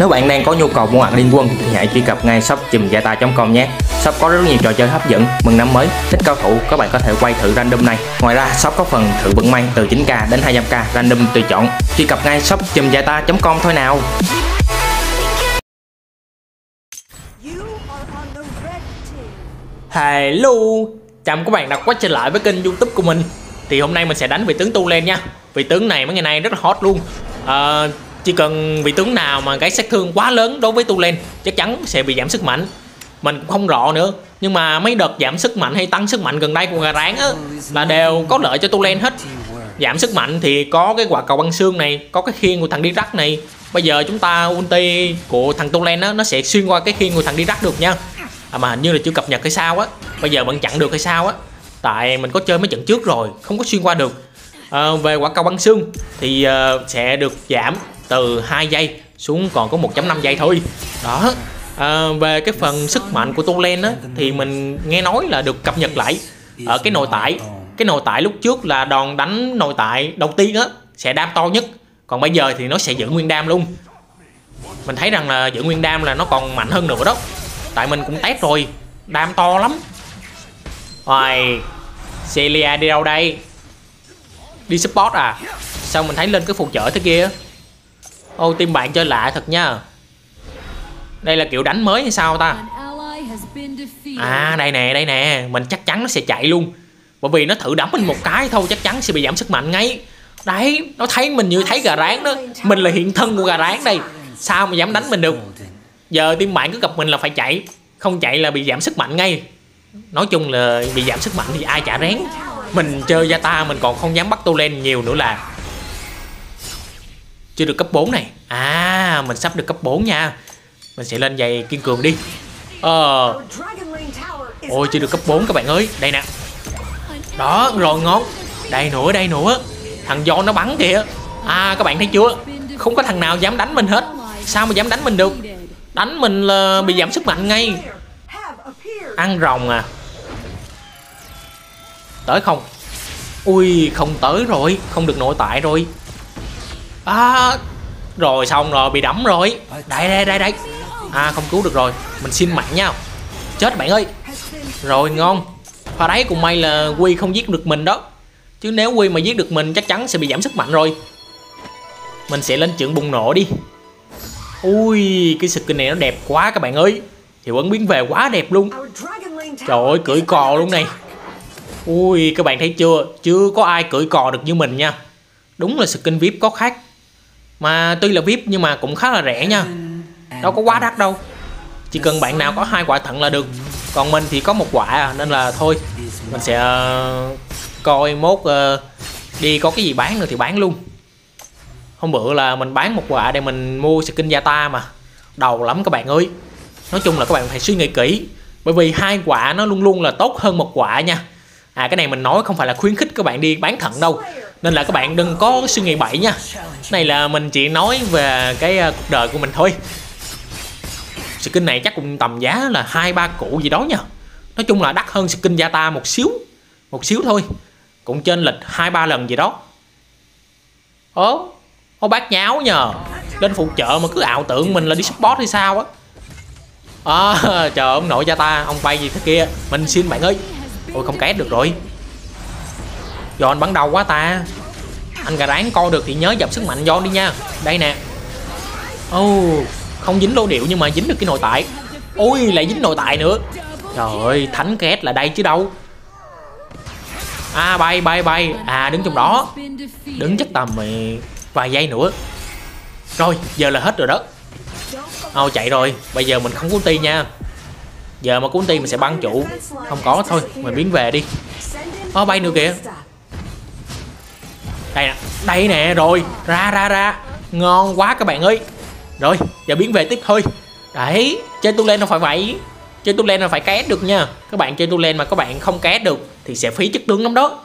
Nếu bạn đang có nhu cầu mua hàng liên quân thì hãy truy cập ngay shop chùm com nhé. Shop có rất nhiều trò chơi hấp dẫn, mừng năm mới, thích cao thủ các bạn có thể quay thử random này. Ngoài ra shop có phần thử vận may từ 9k đến 200k random tùy chọn. Truy cập ngay shop chùm com thôi nào. Hello, chào mừng các bạn đã quay trở lại với kênh youtube của mình Thì hôm nay mình sẽ đánh vị tướng Tu lên nha Vị tướng này mấy ngày nay rất là hot luôn à, chỉ cần vị tướng nào mà cái sát thương quá lớn đối với tu len chắc chắn sẽ bị giảm sức mạnh mình cũng không rõ nữa nhưng mà mấy đợt giảm sức mạnh hay tăng sức mạnh gần đây của gà rán á là đều có lợi cho tu len hết giảm sức mạnh thì có cái quả cầu băng xương này có cái khiên của thằng đi rắc này bây giờ chúng ta ulti của thằng tu len á nó sẽ xuyên qua cái khiên của thằng đi rắc được nha à mà hình như là chưa cập nhật hay sao á bây giờ vẫn chặn được hay sao á tại mình có chơi mấy trận trước rồi không có xuyên qua được à, về quả cầu băng xương thì uh, sẽ được giảm từ 2 giây xuống còn có 1.5 giây thôi đó à, về cái phần sức mạnh của Tulen á thì mình nghe nói là được cập nhật lại ở cái nội tại cái nội tại lúc trước là đòn đánh nội tại đầu tiên á sẽ đam to nhất còn bây giờ thì nó sẽ giữ nguyên đam luôn mình thấy rằng là giữ nguyên đam là nó còn mạnh hơn nữa đó tại mình cũng test rồi đam to lắm Ôi Celia đi đâu đây Đi support à Sao mình thấy lên cái phụ trợ thế kia Ô team bạn chơi lạ thật nha Đây là kiểu đánh mới hay sao ta À đây nè đây nè Mình chắc chắn nó sẽ chạy luôn Bởi vì nó thử đấm mình một cái thôi chắc chắn sẽ bị giảm sức mạnh ngay Đấy nó thấy mình như thấy gà rán đó Mình là hiện thân của gà rán đây Sao mà dám đánh mình được Giờ team bạn cứ gặp mình là phải chạy Không chạy là bị giảm sức mạnh ngay Nói chung là bị giảm sức mạnh thì ai chả rén Mình chơi gia ta mình còn không dám bắt tu lên nhiều nữa là chưa được cấp 4 này à mình sắp được cấp 4 nha mình sẽ lên giày kiên cường đi ờ ôi chưa được cấp 4 các bạn ơi đây nè đó rồi ngon đây nữa đây nữa thằng do nó bắn kìa à các bạn thấy chưa không có thằng nào dám đánh mình hết sao mà dám đánh mình được đánh mình là bị giảm sức mạnh ngay ăn rồng à tới không ui không tới rồi không được nội tại rồi à, rồi xong rồi bị đấm rồi đây đây đây đây à không cứu được rồi mình xin mạng nhau chết bạn ơi rồi ngon pha đáy cũng may là quy không giết được mình đó chứ nếu quy mà giết được mình chắc chắn sẽ bị giảm sức mạnh rồi mình sẽ lên trưởng bùng nổ đi ui cái skin này nó đẹp quá các bạn ơi hiệu ứng biến về quá đẹp luôn trời ơi cưỡi cò luôn này ui các bạn thấy chưa chưa có ai cưỡi cò được như mình nha đúng là skin vip có khác mà tuy là vip nhưng mà cũng khá là rẻ nha đâu có quá đắt đâu chỉ cần bạn nào có hai quả thận là được còn mình thì có một quả à nên là thôi mình sẽ ờ, coi mốt ờ, đi có cái gì bán được thì bán luôn hôm bữa là mình bán một quả để mình mua skin gia ta mà đầu lắm các bạn ơi nói chung là các bạn phải suy nghĩ kỹ bởi vì hai quả nó luôn luôn là tốt hơn một quả nha à cái này mình nói không phải là khuyến khích các bạn đi bán thận đâu nên là các bạn đừng có suy nghĩ bậy nha này là mình chỉ nói về cái à, cuộc đời của mình thôi skin này chắc cũng tầm giá là hai ba cụ gì đó nha nói chung là đắt hơn skin gia ta một xíu một xíu thôi cũng trên lịch hai ba lần gì đó ố ô bác nháo nhờ lên phụ trợ mà cứ ảo tưởng mình là đi support hay sao á à, trời ông nội gia ta ông bay gì thế kia mình xin bạn ơi ôi không két được rồi Giòn bắn đầu quá ta Anh gà ráng co được thì nhớ dập sức mạnh do đi nha Đây nè Oh Không dính lô điệu nhưng mà dính được cái nội tại Ôi lại dính nội tại nữa Trời ơi thánh két là đây chứ đâu À bay bay bay À đứng trong đó Đứng chắc tầm ờ, vài giây nữa Rồi giờ là hết rồi đó Ô oh, chạy rồi Bây giờ mình không có ti nha Giờ mà có ti mình sẽ băng chủ, Không có thôi Mình biến về đi Ô oh, bay nữa kìa đây nè đây nè rồi ra ra ra ngon quá các bạn ơi rồi giờ biến về tiếp thôi đấy chơi tu lên nó phải vậy chơi tu lên là phải cá được nha các bạn chơi tu lên mà các bạn không cá được thì sẽ phí chức tướng lắm đó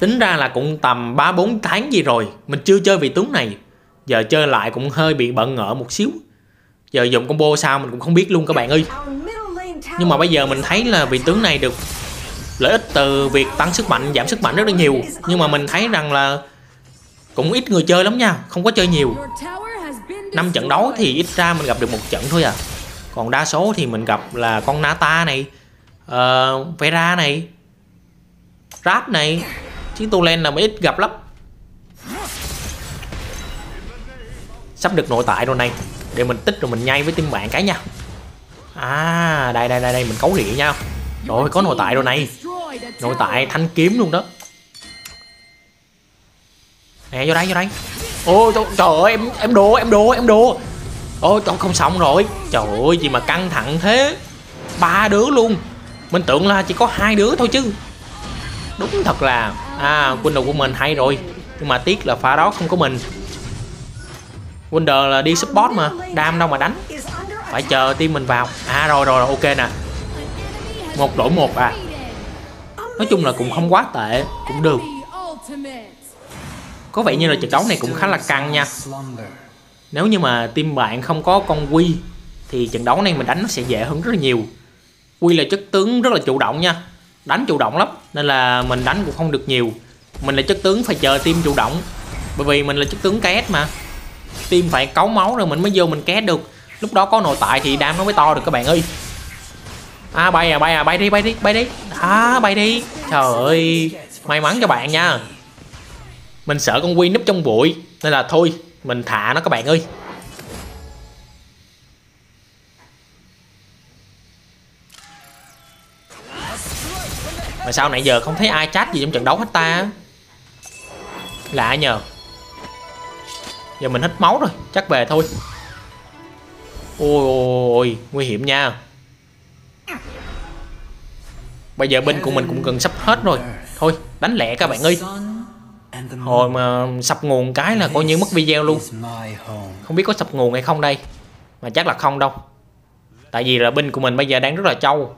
tính ra là cũng tầm 3-4 tháng gì rồi mình chưa chơi vị tướng này giờ chơi lại cũng hơi bị bận ngỡ một xíu giờ dùng combo sao mình cũng không biết luôn các bạn ơi nhưng mà bây giờ mình thấy là vị tướng này được lợi ích từ việc tăng sức mạnh giảm sức mạnh rất là nhiều nhưng mà mình thấy rằng là cũng ít người chơi lắm nha không có chơi nhiều năm trận đấu thì ít ra mình gặp được một trận thôi à còn đa số thì mình gặp là con Nata này uh, Vera này Rap này Chiến tu len là mới ít gặp lắm Sắp được nội tại rồi này Để mình tích rồi mình nhay với team bạn cái nha À đây đây đây đây mình cấu rỉa nhau rồi có nội tại rồi này Nội tại thanh kiếm luôn đó Nè vô đây vô đây Ôi trời, trời ơi em em đồ em đồ em đồ Ôi trời không xong rồi Trời ơi gì mà căng thẳng thế ba đứa luôn Mình tưởng là chỉ có hai đứa thôi chứ Đúng thật là À Windows của mình hay rồi Nhưng mà tiếc là pha đó không có mình Wonder là đi support mà Đam đâu mà đánh Phải chờ team mình vào À rồi rồi, rồi ok nè một đổi một à nói chung là cũng không quá tệ cũng được có vẻ như là trận đấu này cũng khá là căng nha nếu như mà team bạn không có con quy thì trận đấu này mình đánh nó sẽ dễ hơn rất là nhiều quy là chất tướng rất là chủ động nha đánh chủ động lắm nên là mình đánh cũng không được nhiều mình là chất tướng phải chờ team chủ động bởi vì mình là chất tướng két mà team phải cấu máu rồi mình mới vô mình két được lúc đó có nội tại thì đam nó mới to được các bạn ơi À bay à bay à bay đi bay đi bay đi À bay đi Trời ơi May mắn cho bạn nha Mình sợ con Quy núp trong bụi Nên là thôi Mình thả nó các bạn ơi Mà sao nãy giờ không thấy ai chat gì trong trận đấu hết ta Lạ nhờ Giờ mình hết máu rồi Chắc về thôi Ôi ôi, ôi nguy hiểm nha Bây giờ binh của mình cũng gần sắp hết rồi Thôi đánh lẹ các bạn ơi Hồi mà sập nguồn cái là coi như mất video luôn Không biết có sập nguồn hay không đây Mà chắc là không đâu Tại vì là binh của mình bây giờ đang rất là trâu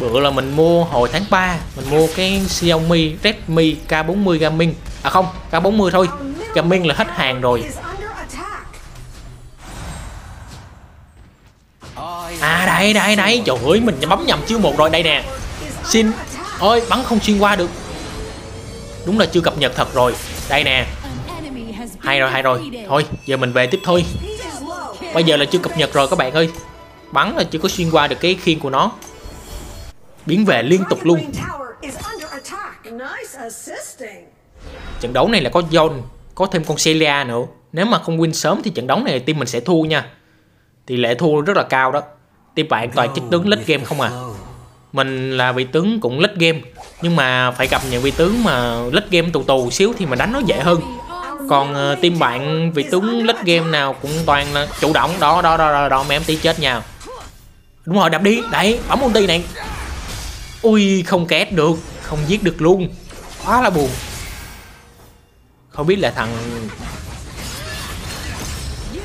Bữa là mình mua hồi tháng 3 Mình mua cái Xiaomi Redmi K40 Gaming À không, K40 thôi Gaming là hết hàng rồi À đây đây đây Trời ơi mình bấm nhầm chiêu một rồi đây nè Xin Ôi bắn không xuyên qua được Đúng là chưa cập nhật thật rồi Đây nè Hay rồi hay rồi Thôi giờ mình về tiếp thôi Bây giờ là chưa cập nhật rồi các bạn ơi Bắn là chưa có xuyên qua được cái khiên của nó Biến về liên tục luôn Trận đấu này là có John Có thêm con Celia nữa Nếu mà không win sớm thì trận đấu này team mình sẽ thua nha Tỷ lệ thua rất là cao đó Team bạn toàn chiếc tướng lít game không à Mình là vị tướng cũng lít game Nhưng mà phải gặp những vị tướng mà lít game tù tù xíu thì mình đánh nó dễ hơn Còn ờ, team bạn vị tướng lít game nào cũng toàn là chủ động Đó đó đó đó, đó mấy em tí chết nha Đúng rồi đập đi Đấy bấm ulti này Ui không két được Không giết được luôn Quá là buồn Không biết là thằng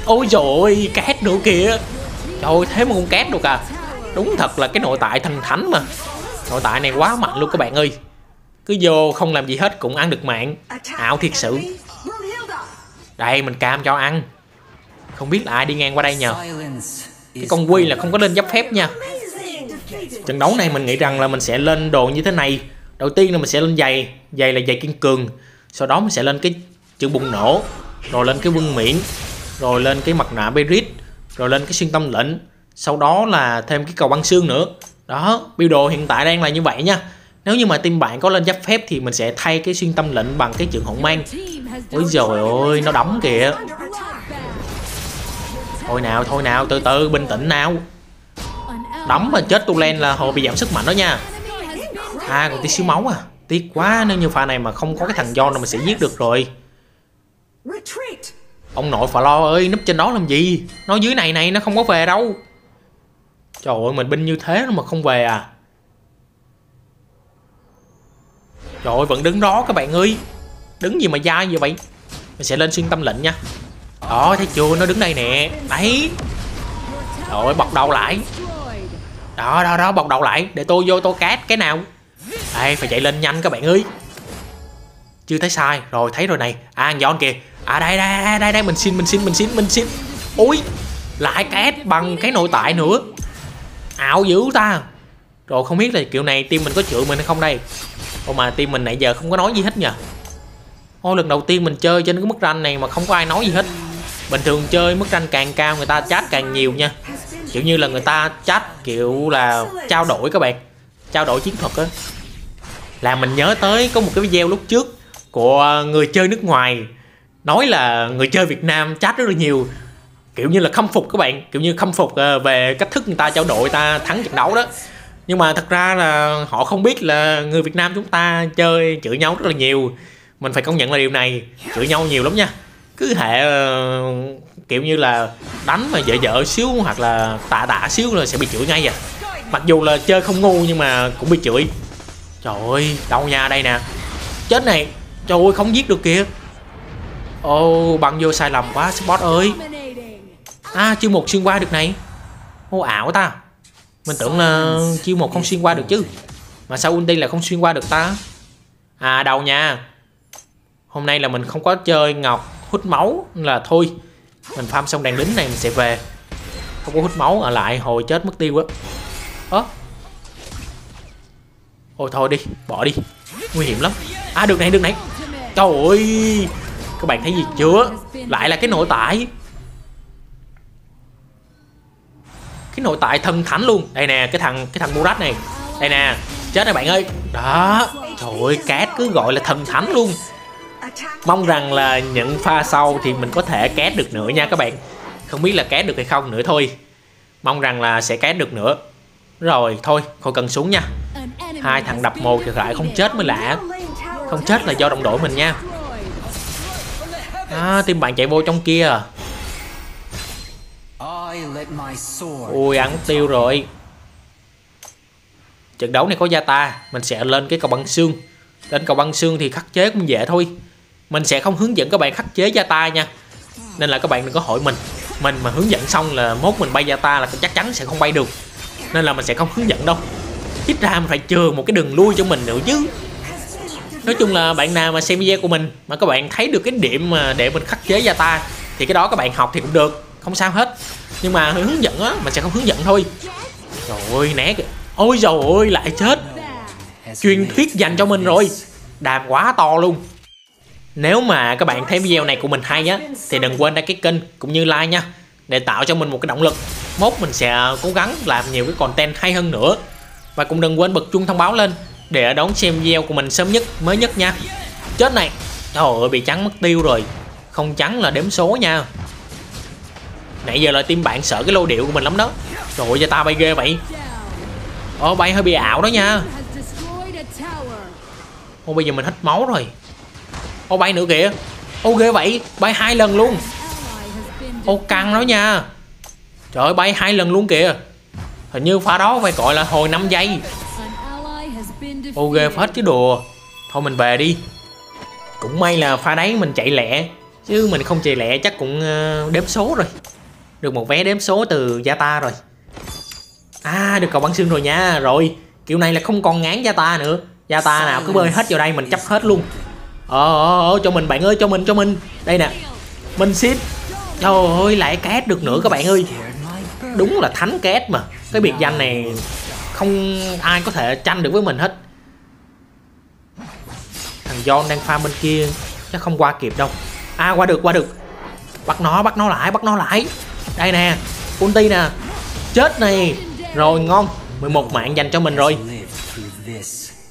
ôi rồi cát nữa kìa trời ơi thế mà con cát được à đúng thật là cái nội tại thành thánh mà nội tại này quá mạnh luôn các bạn ơi cứ vô không làm gì hết cũng ăn được mạng ảo thiệt sự đây mình cam cho ăn không biết là ai đi ngang qua đây nhờ cái con quy là không có lên giáp phép nha trận đấu này mình nghĩ rằng là mình sẽ lên đồ như thế này đầu tiên là mình sẽ lên giày giày là giày kiên cường sau đó mình sẽ lên cái chữ bùng nổ rồi lên cái vương miễn rồi lên cái mặt nạ Berit rồi lên cái xuyên tâm lệnh sau đó là thêm cái cầu băng xương nữa đó biểu đồ hiện tại đang là như vậy nha nếu như mà team bạn có lên giáp phép thì mình sẽ thay cái xuyên tâm lệnh bằng cái trường hỗn mang ôi rồi ơi, nó đấm kìa thôi nào thôi nào từ từ bình tĩnh nào đấm mà chết tu len là hồi bị giảm sức mạnh đó nha à còn tí xíu máu à tiếc quá nếu như pha này mà không có cái thằng John là mình sẽ giết được rồi Ông nội phà lo ơi núp trên đó làm gì Nó dưới này này nó không có về đâu Trời ơi mình binh như thế mà không về à Trời ơi vẫn đứng đó các bạn ơi Đứng gì mà dai vậy vậy Mình sẽ lên xuyên tâm lệnh nha Đó thấy chưa nó đứng đây nè Đấy Trời ơi bọc đầu lại Đó đó đó bọc đầu lại Để tôi vô tôi cát cái nào Đây phải chạy lên nhanh các bạn ơi Chưa thấy sai Rồi thấy rồi này À giòn kìa à đây đây đây đây mình xin mình xin mình xin mình xin ui lại két bằng cái nội tại nữa ảo dữ ta rồi không biết là kiểu này team mình có chữa mình hay không đây Ô mà team mình nãy giờ không có nói gì hết nhờ Ô lần đầu tiên mình chơi trên cái mức ranh này mà không có ai nói gì hết Bình thường chơi mức ranh càng cao người ta chat càng nhiều nha Kiểu như là người ta chat kiểu là trao đổi các bạn Trao đổi chiến thuật á Là mình nhớ tới có một cái video lúc trước Của người chơi nước ngoài nói là người chơi Việt Nam chat rất là nhiều kiểu như là khâm phục các bạn kiểu như khâm phục ờ, về cách thức người ta trao đổi ta thắng trận đấu đó nhưng mà thật ra là họ không biết là người Việt Nam chúng ta chơi chửi nhau rất là nhiều mình phải công nhận là điều này chửi nhau nhiều lắm nha cứ hệ ờ, kiểu như là đánh mà dễ dở xíu hoặc là tạ tạ xíu là sẽ bị chửi ngay à mặc dù là chơi không ngu nhưng mà cũng bị chửi trời ơi đau nha đây nè chết này trời ơi không giết được kìa Ồ oh, băng vô sai lầm quá support ơi À chiêu một xuyên qua được này Ô ảo ta Mình tưởng là chiêu một không xuyên qua được chứ Mà sao ulti là không xuyên qua được ta À đầu nha Hôm nay là mình không có chơi ngọc hút máu là thôi Mình farm xong đàn lính này mình sẽ về Không có hút máu ở lại hồi chết mất tiêu á Ơ Ôi thôi đi bỏ đi Nguy hiểm lắm À được này được này Trời ơi các bạn thấy gì chưa Lại là cái nội tại Cái nội tại thần thánh luôn Đây nè cái thằng cái thằng Murat này Đây nè chết này bạn ơi Đó Trời ơi cát cứ gọi là thần thánh luôn Mong rằng là những pha sau thì mình có thể cát được nữa nha các bạn Không biết là cát được hay không nữa thôi Mong rằng là sẽ cát được nữa Rồi thôi khỏi cần xuống nha Hai thằng đập một thì lại không chết mới lạ Không chết là do đồng đội mình nha À team bạn chạy vô trong kia à Ui ăn tiêu rồi Trận đấu này có gia ta Mình sẽ lên cái cầu băng xương Lên cầu băng xương thì khắc chế cũng dễ thôi Mình sẽ không hướng dẫn các bạn khắc chế gia ta nha Nên là các bạn đừng có hỏi mình Mình mà hướng dẫn xong là mốt mình bay gia ta là chắc chắn sẽ không bay được Nên là mình sẽ không hướng dẫn đâu Ít ra mình phải chừa một cái đường lui cho mình nữa chứ nói chung là bạn nào mà xem video của mình mà các bạn thấy được cái điểm mà để mình khắc chế gia ta thì cái đó các bạn học thì cũng được không sao hết nhưng mà hướng dẫn á mà sẽ không hướng dẫn thôi rồi ơi né kìa ôi rồi ôi lại chết truyền thuyết dành cho mình rồi đàm quá to luôn nếu mà các bạn thấy video này của mình hay á thì đừng quên đăng ký kênh cũng như like nha để tạo cho mình một cái động lực mốt mình sẽ cố gắng làm nhiều cái content hay hơn nữa và cũng đừng quên bật chuông thông báo lên để đón xem video của mình sớm nhất mới nhất nha chết này trời ơi bị trắng mất tiêu rồi không trắng là đếm số nha nãy giờ là team bạn sợ cái lô điệu của mình lắm đó trời ơi ta bay ghê vậy ô bay hơi bị ảo đó nha ô bây giờ mình hết máu rồi ô bay nữa kìa ô ghê vậy bay hai lần luôn ô căng đó nha trời ơi bay hai lần luôn kìa hình như pha đó phải gọi là hồi 5 giây Ô ghê phết chứ đùa Thôi mình về đi Cũng may là pha đáy mình chạy lẹ Chứ mình không chạy lẹ chắc cũng ờ, đếm số rồi Được một vé đếm số từ gia ta rồi À được cầu bắn xương rồi nha Rồi kiểu này là không còn ngán gia ta nữa Gia ta nào cứ bơi hết vào đây mình chấp hết luôn Ờ ờ ờ cho mình bạn ơi cho mình cho mình Đây nè Mình ship Trời ơi lại két được nữa các bạn ơi Đúng là thánh két mà Cái biệt danh này không ai có thể tranh được với mình hết John đang farm bên kia chắc không qua kịp đâu a à, qua được qua được bắt nó bắt nó lại bắt nó lại đây nè ulti nè chết này rồi ngon 11 mạng dành cho mình rồi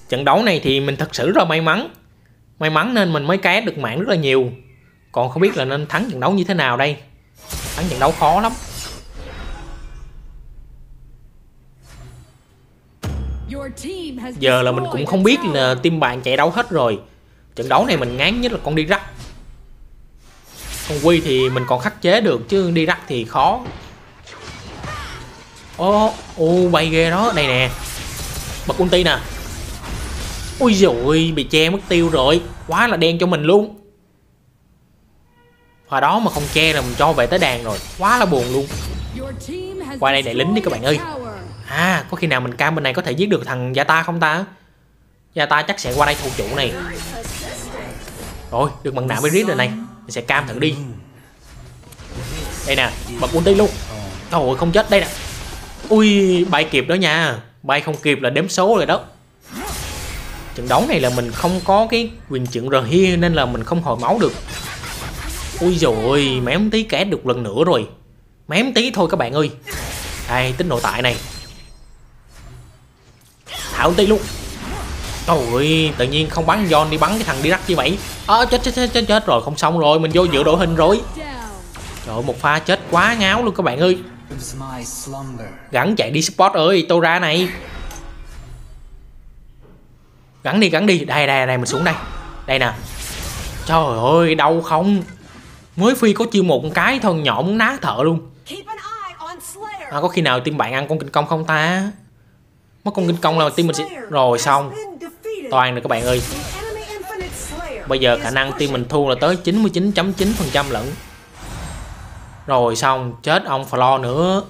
trận đấu này thì mình thật sự rất là may mắn may mắn nên mình mới cá được mạng rất là nhiều còn không biết là nên thắng trận đấu như thế nào đây thắng trận đấu khó lắm giờ là mình cũng không biết là team bạn chạy đấu hết rồi trận đấu này mình ngán nhất là con đi rắc con quy thì mình còn khắc chế được chứ đi rắc thì khó ô ô bay ghê đó đây nè bật ulti nè ui dồi bị che mất tiêu rồi quá là đen cho mình luôn và đó mà không che là mình cho về tới đàn rồi quá là buồn luôn qua đây đại lính đi các bạn ơi à có khi nào mình cam bên này có thể giết được thằng gia ta không ta gia ta chắc sẽ qua đây thủ chủ này rồi, được bằng nạ với riết rồi này Mình sẽ cam thử đi Đây nè, bật ulti luôn Thôi không chết, đây nè Ui, bay kịp đó nha Bay không kịp là đếm số rồi đó Trận đấu này là mình không có cái quyền trượng rờ hia Nên là mình không hồi máu được Ui rồi mém tí kẻ được lần nữa rồi Mém tí thôi các bạn ơi Đây, tính nội tại này Thảo tí luôn Trời ơi, tự nhiên không bắn John đi bắn cái thằng đi rắc như vậy Ờ à, chết, chết chết chết chết rồi, không xong rồi, mình vô dự đội hình rồi Trời ơi, một pha chết quá ngáo luôn các bạn ơi Gắn chạy đi spot ơi, tôi ra này Gắn đi, gắn đi, đây đây này mình xuống đây Đây nè Trời ơi, đau không Mới phi có chiêu một cái thôi nhỏ muốn ná thợ luôn à, Có khi nào team bạn ăn con kinh công không ta Mất con kinh công là team mình sẽ Rồi xong toàn rồi các bạn ơi bây giờ khả năng team mình thua là tới 99.9% lẫn. rồi xong chết ông Flo nữa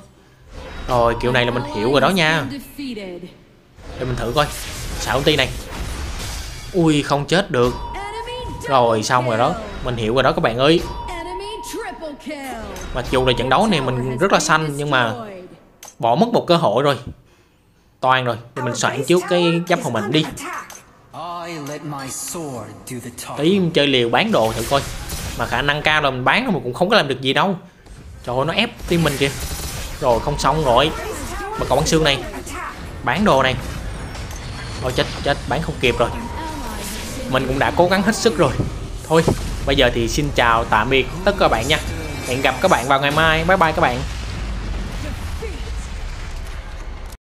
rồi kiểu này là mình hiểu rồi đó nha để mình thử coi xảo ti này ui không chết được rồi xong rồi đó mình hiểu rồi đó các bạn ơi mặc dù là trận đấu này mình rất là xanh nhưng mà bỏ mất một cơ hội rồi toàn rồi thì mình soạn trước cái giáp phòng mình đi tí chơi liều bán đồ thử coi mà khả năng cao là mình bán rồi mà cũng không có làm được gì đâu trời ơi nó ép tim mình kìa rồi không xong rồi mà còn bắn xương này bán đồ này ôi chết chết bán không kịp rồi mình cũng đã cố gắng hết sức rồi thôi bây giờ thì xin chào tạm biệt tất cả các bạn nha hẹn gặp các bạn vào ngày mai bye bye các bạn